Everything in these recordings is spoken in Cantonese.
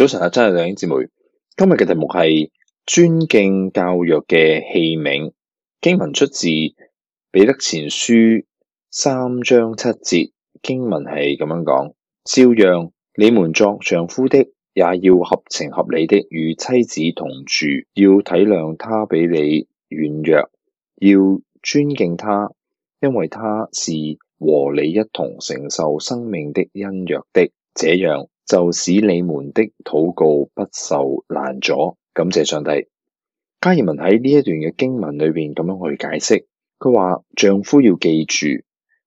早晨啊，真係弟兄姊妹。今日嘅題目係尊敬較弱嘅器皿。經文出自彼得前書三章七節。經文係咁樣講：照樣你們作丈夫的，也要合情合理的與妻子同住，要體諒她比你軟弱，要尊敬她，因為她是和你一同承受生命的恩典的。這樣。就使你們的禱告不受攔阻，感謝上帝。加爾文喺呢一段嘅經文裏邊咁樣去解釋，佢話丈夫要記住，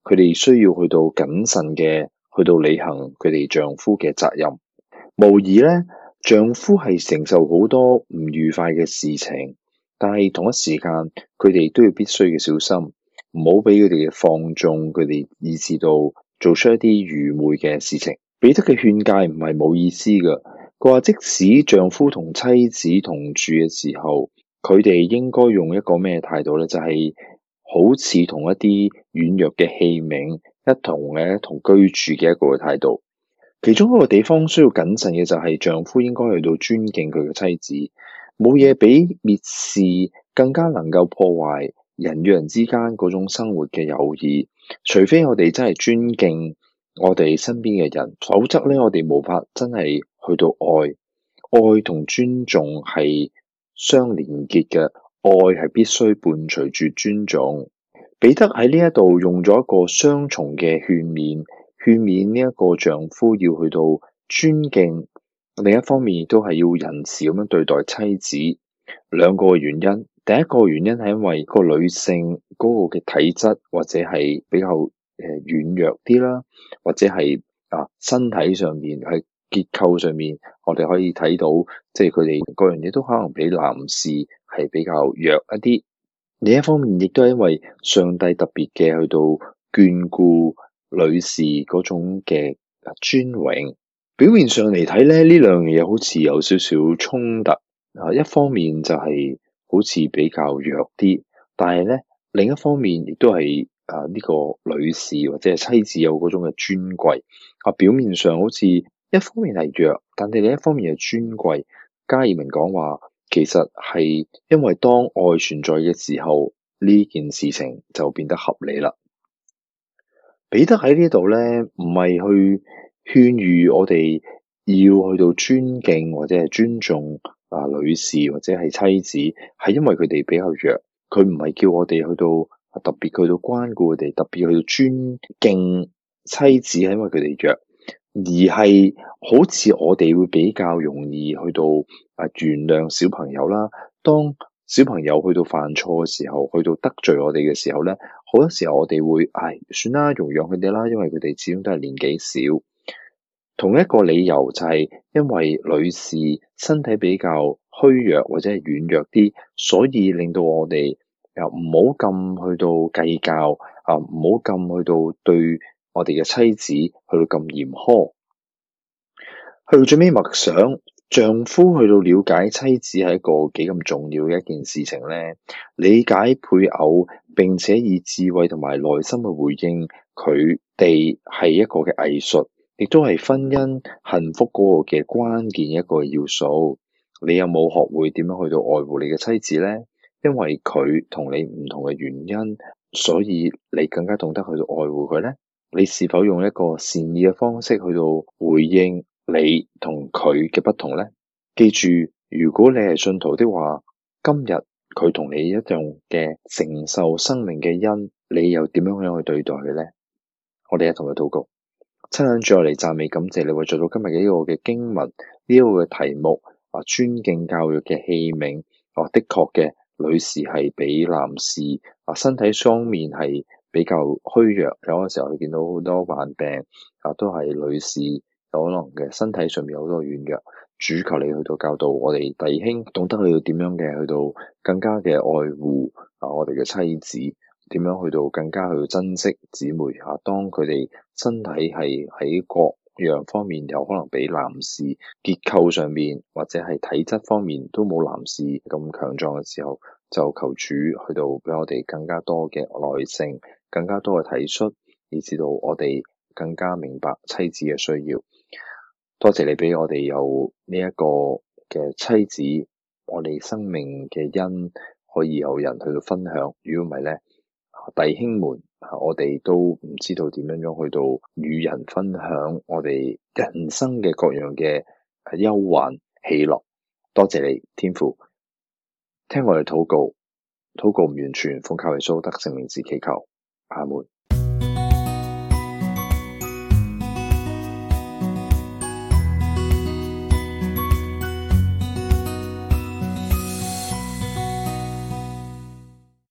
佢哋需要去到謹慎嘅，去到履行佢哋丈夫嘅責任。無疑呢，丈夫係承受好多唔愉快嘅事情，但係同一時間，佢哋都要必須要小心，唔好俾佢哋嘅放縱，佢哋以至到做出一啲愚昧嘅事情。彼得嘅勸誡唔係冇意思噶佢話即使丈夫同妻子同住嘅時候，佢哋應該用一個咩態度呢？就係好似同一啲軟弱嘅器皿一同嘅同居住嘅一個態度。其中一個地方需要謹慎嘅就係丈夫應該去到尊敬佢嘅妻子，冇嘢,比蔑視更加能夠破壞人與人之間嗰種生活嘅友誼，除非我哋真係尊敬，我哋身邊嘅人，否則咧，我哋無法真係去到愛，愛同尊重係相連結嘅，愛係必須伴隨住尊重。彼得喺呢一度用咗一個雙重嘅勸勉，勸勉呢一個丈夫要去到尊敬，另一方面亦都係要仁慈咁樣對待妻子。兩個原因，第一個原因係因為個女性嗰個嘅體質或者係比較。誒，軟弱啲啦，或者係啊，身體上面係結構上面，我哋可以睇到，即係佢哋各樣嘢都可能比男士係比較弱一啲。另一方面，亦都係因為上帝特別嘅去到眷顧女士嗰種嘅尊榮。表面上嚟睇咧，呢兩樣嘢好似有少少衝突。啊，一方面就係好似比較弱啲，但係咧另一方面亦都係。啊！呢、這個女士或者係妻子有嗰種嘅尊貴，啊，表面上好似一方面係弱，但係另一方面係尊貴。加爾明講話，其實係因為當愛存在嘅時候，呢件事情就變得合理啦。彼得喺呢度咧，唔係去勸喻我哋要去到尊敬或者係尊重啊女士或者係妻子，係因為佢哋比較弱。佢唔係叫我哋去到。特別去到關顧佢哋，特別去到尊敬妻子，係因為佢哋弱，而係好似我哋會比較容易去到啊原諒小朋友啦。當小朋友去到犯錯嘅時候，去到得罪我哋嘅時候咧，好多時候我哋會唉，算啦，容養佢哋啦，因為佢哋始終都係年紀少。同一個理由就係因為女士身體比較虛弱或者係軟弱啲，所以令到我哋。又唔好咁去到計較啊！唔好咁去到對我哋嘅妻子去到咁嚴苛，去到最尾默想丈夫去到了解妻子係一個幾咁重要嘅一件事情呢，理解配偶，並且以智慧同埋耐心去回應佢哋，係一個嘅藝術，亦都係婚姻幸福嗰個嘅關鍵一個要素。你有冇學會點樣去到愛護你嘅妻子呢？因為佢同你唔同嘅原因，所以你更加懂得去到愛護佢咧。你是否用一個善意嘅方式去到回應你同佢嘅不同咧？記住，如果你係信徒的話，今日佢同你一樣嘅承受生命嘅恩，你又點樣樣去對待佢咧？我哋一同去禱告，親。眼最後嚟讚美感謝，你會做到今日嘅呢個嘅經文呢一，這個嘅題目啊，尊敬較弱嘅器皿啊，的確嘅。女士係比男士啊，身體雙面係比較虛弱，有陣時候你見到好多患病啊，都係女士，有可能嘅身體上面好多軟弱。主求你去到教導我哋弟兄，懂得去到點樣嘅去到更加嘅愛護啊，我哋嘅妻子點樣去到更加去珍惜姊妹啊，當佢哋身體係喺國。樣方面有可能比男士結構上面或者係體質方面都冇男士咁強壯嘅時候，就求主去到俾我哋更加多嘅耐性，更加多嘅體恤，以至到我哋更加明白妻子嘅需要。多謝你俾我哋有呢一個嘅妻子，我哋生命嘅恩可以有人去到分享。如果唔係呢，弟兄們。我哋都唔知道點樣樣去到與人分享我哋人生嘅各樣嘅憂患喜樂。多謝你天父，聽我哋禱告，禱告唔完全，奉靠耶穌得勝名字祈求。阿門。